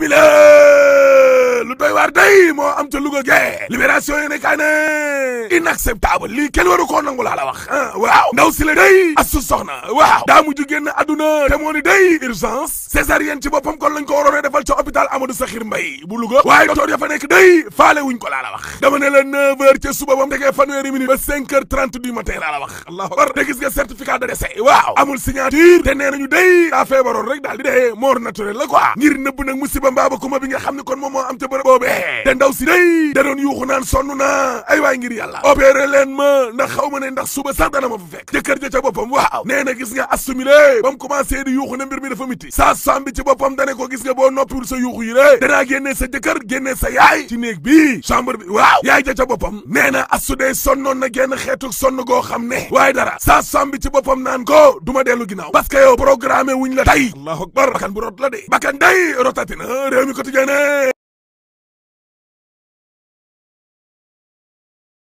bi la lu doy waar day moo am ca Louga gee libération yi ne inacceptable lii kenn waru koo nangu laa wax ah, waaw ndaw si day asu soxna waaw daa mujj génn àdduna te moo day urgence césarienne ci boppam kon lañ ko waroon a defal ca hôpital Amadou Sakhir Mbaye bu Louga waaye docteur ya fa nekk day faale wuñ ko laa la wax dama ne la 9 suba ba mu tegee fanweeri minute ba 5 heures 30 du matin laa la wax allahu akbar te gis nga certificat de waaw amul signature te nee nañu day daa feebaroon rek daal dee mort naturelle la quoi ngir nëbb nag musiba mbaaba kuma bi nga xam ne kon moom moo am ca bërëb boobee te ndaw si day da doon yuuxu naan sonn na ay waay ngir yàlla sam bi ci boppam dane ko gis nga boo noppiwul sa yuuxu yi lée danaa génnee sa jëkkër génnee sa yaay ci néeg bi chambre bi waaw yaay ja ca boppam nee na son sonnoon na genn xeetu sonn goo xam ne waaye dara saa sam ci boppam naan ko du ma dellu ginnaaw parce que yow programme wuñ la tey allahu akbar bakkan bu rot la de bakkan day rotati na réew mi ko tijjee ne